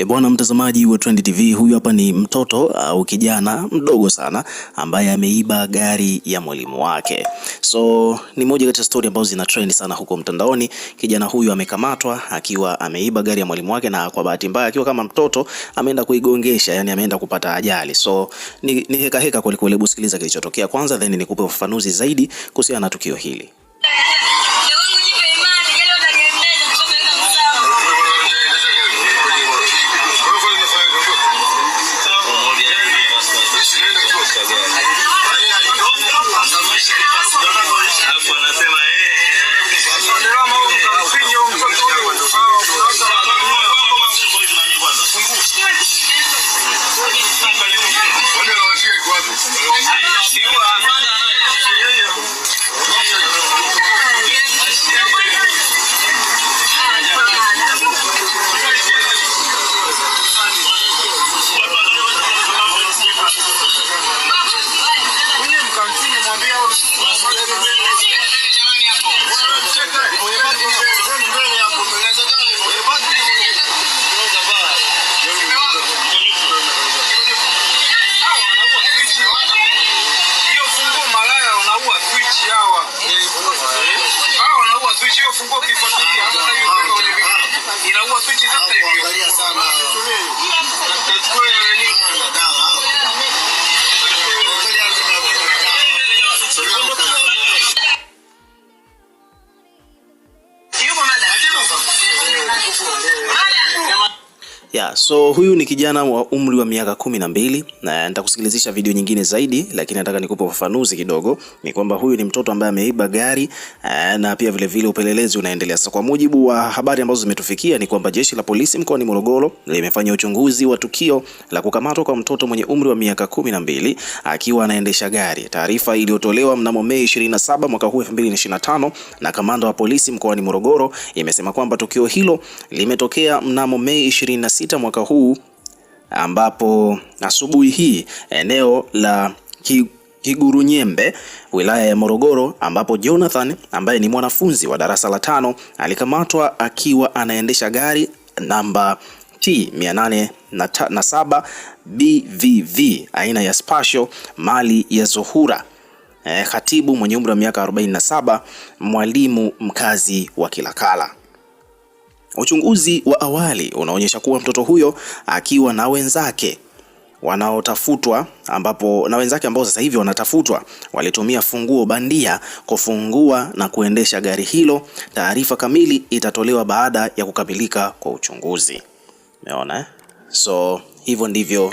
E bwana mtazamaji wa Trend TV, huyu hapa ni mtoto ah, au kijana mdogo sana ambaye ameiba gari ya mwalimu wake. So ni moja kati ya story ambazo zina trend sana huko mtandaoni. Kijana huyu amekamatwa akiwa ameiba gari ya mwalimu wake, na kwa bahati mbaya akiwa kama mtoto ameenda kuigongesha, yani ameenda kupata ajali. So ni, ni heka heka kweli kweli. Sikiliza kilichotokea kwanza, then nikupe ufafanuzi zaidi kuhusiana na tukio hili. 哎，小平啊，快来！inaua picha sasa hivi. Angalia sana. Tuchukue nani? Yeah, so huyu ni kijana wa umri wa miaka kumi na mbili na nitakusikilizisha video nyingine zaidi, lakini nataka nikupe ufafanuzi kidogo. Ni kwamba huyu ni mtoto ambaye ameiba gari eh, na pia vile vile upelelezi unaendelea. Sasa kwa mujibu wa habari ambazo zimetufikia ni kwamba jeshi la polisi mkoani Morogoro limefanya uchunguzi wa tukio la kukamatwa kwa mtoto mwenye umri wa miaka kumi na mbili akiwa anaendesha gari. Taarifa iliyotolewa mnamo Mei 27 mwaka huu 2025 na kamanda wa polisi mkoani Morogoro imesema kwamba tukio hilo limetokea mnamo Mei 26 sita mwaka huu ambapo asubuhi hii eneo la Kigurunyembe wilaya ya Morogoro ambapo Jonathan ambaye ni mwanafunzi wa darasa la tano alikamatwa akiwa anaendesha gari namba T 807 BVV aina ya Spasho mali ya Zuhura e, khatibu mwenye umri wa miaka 47 mwalimu mkazi wa Kilakala. Uchunguzi wa awali unaonyesha kuwa mtoto huyo akiwa na wenzake wanaotafutwa ambapo na wenzake ambao sasa hivi wanatafutwa walitumia funguo bandia kufungua na kuendesha gari hilo. Taarifa kamili itatolewa baada ya kukamilika kwa uchunguzi. Umeona eh? So hivyo ndivyo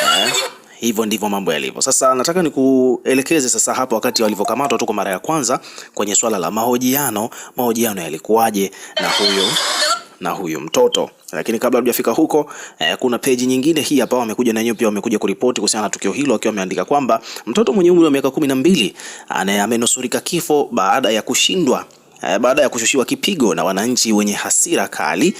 eh hivyo ndivyo mambo yalivyo. Sasa nataka nikuelekeze sasa hapo, wakati walivyokamatwa tu kwa mara ya kwanza kwenye swala la mahojiano, mahojiano yalikuwaje na huyo na huyu mtoto. Lakini kabla hujafika huko eh, kuna peji nyingine hii hapa wamekuja na pia wamekuja kuripoti kuhusiana na tukio hilo, wakiwa wameandika kwamba mtoto mwenye umri wa miaka kumi na mbili amenusurika kifo baada ya kushindwa eh, baada ya kushushiwa kipigo na wananchi wenye hasira kali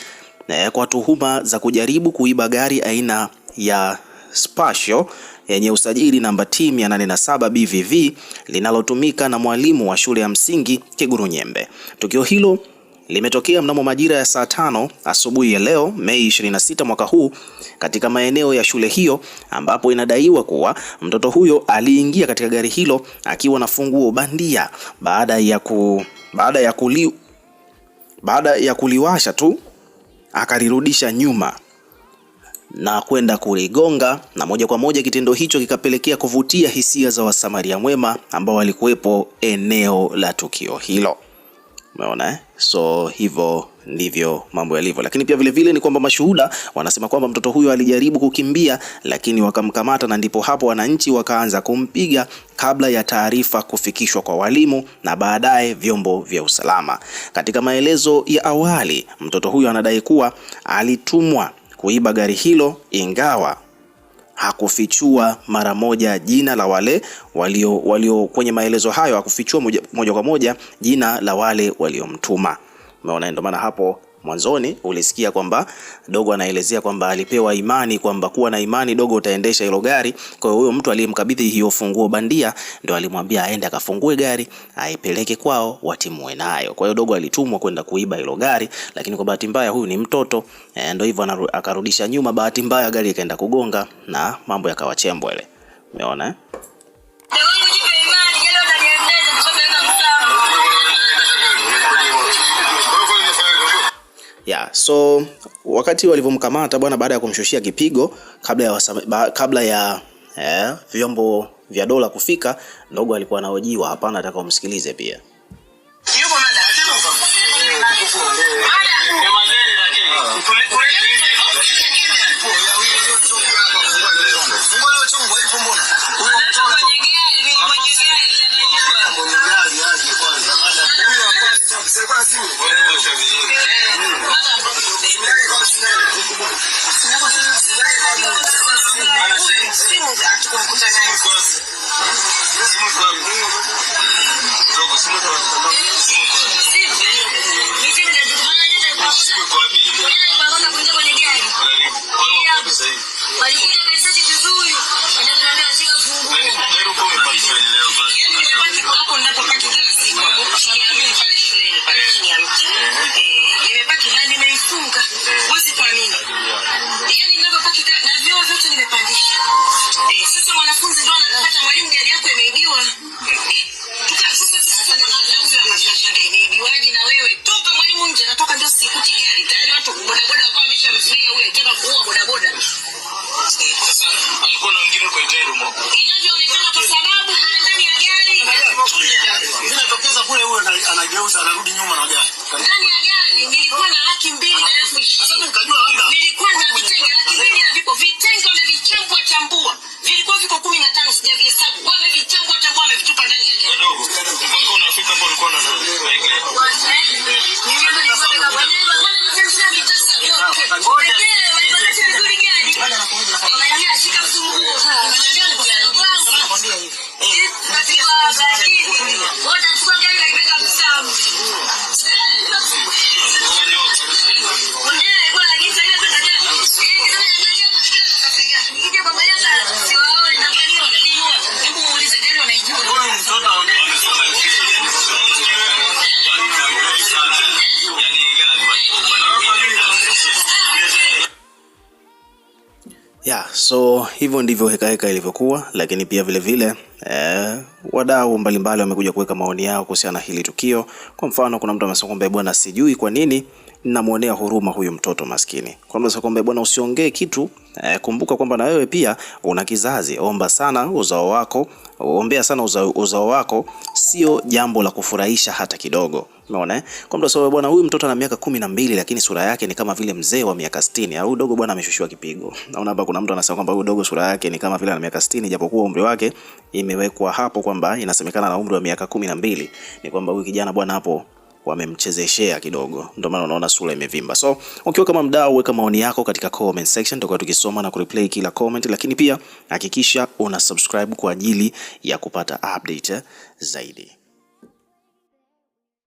eh, kwa tuhuma za kujaribu kuiba gari aina ya Spatial yenye usajili namba T 87 BVV linalotumika na mwalimu wa shule ya msingi Kiguru Nyembe. Tukio hilo limetokea mnamo majira ya saa tano asubuhi ya leo Mei 26 mwaka huu katika maeneo ya shule hiyo ambapo inadaiwa kuwa mtoto huyo aliingia katika gari hilo akiwa na funguo bandia baada ya ku, baada ya kuli, baada ya kuliwasha tu akalirudisha nyuma na kwenda kuligonga na moja kwa moja kitendo hicho kikapelekea kuvutia hisia za wasamaria mwema ambao walikuwepo eneo la tukio hilo. Umeona eh? So hivyo ndivyo mambo yalivyo, lakini pia vilevile vile ni kwamba mashuhuda wanasema kwamba mtoto huyo alijaribu kukimbia, lakini wakamkamata, na ndipo hapo wananchi wakaanza kumpiga kabla ya taarifa kufikishwa kwa walimu na baadaye vyombo vya usalama. Katika maelezo ya awali, mtoto huyo anadai kuwa alitumwa kuiba gari hilo, ingawa hakufichua mara moja jina la wale walio walio kwenye maelezo hayo, hakufichua moja, moja kwa moja jina la wale waliomtuma. Umeona, ndio maana hapo mwanzoni ulisikia kwamba dogo anaelezea kwamba alipewa imani kwamba kuwa na imani dogo utaendesha hilo gari. Kwa hiyo huyo mtu aliyemkabidhi hiyo funguo bandia ndo alimwambia aende akafungue gari aipeleke kwao watimue nayo. Kwa hiyo dogo alitumwa kwenda kuiba hilo gari, lakini kwa bahati mbaya huyu ni mtoto e, ndo hivyo akarudisha nyuma. Bahati mbaya gari ikaenda kugonga na mambo yakawa chembwele. Umeona eh? Yeah, so wakati walivyomkamata bwana, baada ya kumshushia kipigo kabla ya wasame, ba, kabla ya eh, vyombo vya dola kufika, ndogo alikuwa anaojiwa Hapana, nataka umsikilize pia wanafunzi ndio wanapata mwalimu, gari yako imeibiwa. Tunashangaa imeibiwaje? Na wewe toka mwalimu nje, natoka ndio sikuti gari tayari, watu bodaboda wako So hivyo ndivyo hekaheka ilivyokuwa, lakini pia vilevile vile, eh, wadau mbalimbali wamekuja kuweka maoni yao kuhusiana na hili tukio. Kwa mfano, kuna mtu amesema kwamba bwana, sijui kwa nini namuonea huruma huyu mtoto maskini. Kwa mtu kwamba bwana, usiongee kitu eh, kumbuka kwamba na wewe pia una kizazi. Omba sana uzao wako, ombea sana uzao, uzao wako sio jambo la kufurahisha hata kidogo. Umeona eh? Kwa mtu sababu bwana, huyu mtoto ana miaka kumi na mbili lakini sura yake ni kama vile mzee wa miaka 60. Au dogo bwana ameshushiwa kipigo. Naona hapa kuna mtu anasema kwamba huyu dogo sura yake ni kama vile ana miaka 60 japokuwa umri wake imewekwa hapo kwamba inasemekana na umri wa miaka kumi na mbili, ni kwamba huyu kijana bwana hapo wamemchezeshea kidogo, ndio maana unaona sura imevimba. So ukiwa kama mdau, weka maoni yako katika comment section, tutakuwa tukisoma na kureplay kila comment, lakini pia hakikisha una subscribe kwa ajili ya kupata update zaidi.